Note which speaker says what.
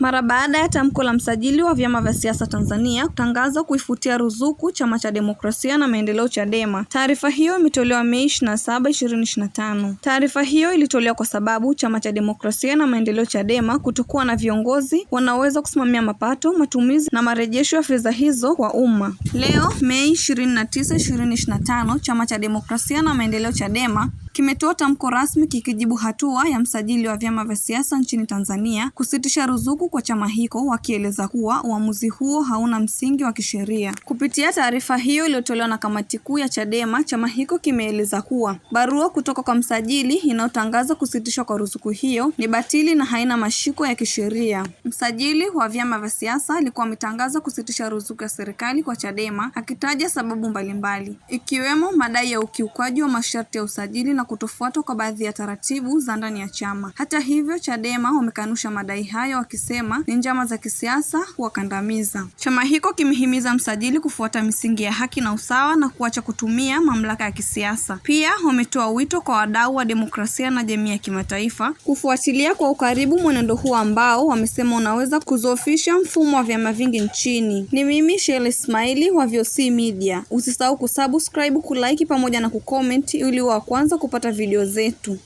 Speaker 1: Mara baada ya tamko la msajili wa vyama vya siasa Tanzania kutangaza kuifutia ruzuku chama cha demokrasia na maendeleo CHADEMA. Taarifa hiyo imetolewa Mei 27, 2025. Taarifa hiyo ilitolewa kwa sababu chama cha demokrasia na maendeleo CHADEMA kutokuwa na viongozi wanaoweza kusimamia mapato, matumizi na marejesho ya fedha hizo kwa umma. Leo Mei 29, 2025, chama cha demokrasia na maendeleo CHADEMA kimetoa tamko rasmi kikijibu hatua ya msajili wa vyama vya siasa nchini Tanzania kusitisha ruzuku kwa chama hiko, wakieleza kuwa uamuzi huo hauna msingi wa kisheria. Kupitia taarifa hiyo iliyotolewa na kamati kuu ya Chadema, chama hiko kimeeleza kuwa barua kutoka kwa msajili inayotangaza kusitishwa kwa ruzuku hiyo ni batili na haina mashiko ya kisheria. Msajili wa vyama vya siasa alikuwa ametangaza kusitisha ruzuku ya serikali kwa Chadema akitaja sababu mbalimbali mbali, ikiwemo madai ya ukiukwaji wa masharti ya usajili na na kutofuatwa kwa baadhi ya taratibu za ndani ya chama. Hata hivyo, Chadema wamekanusha madai hayo, wakisema ni njama za kisiasa kuwakandamiza. Chama hiko kimehimiza msajili kufuata misingi ya haki na usawa na kuacha kutumia mamlaka ya kisiasa. Pia wametoa wito kwa wadau wa demokrasia na jamii ya kimataifa
Speaker 2: kufuatilia kwa ukaribu mwenendo huo ambao wamesema unaweza kuzofisha mfumo wa vyama vingi nchini. Ni mimi Shel Ismaili wa VOC Media. Usisahau kusubscribe, kulike pamoja na kukomenti ili wa kwanza vídeos video zetu.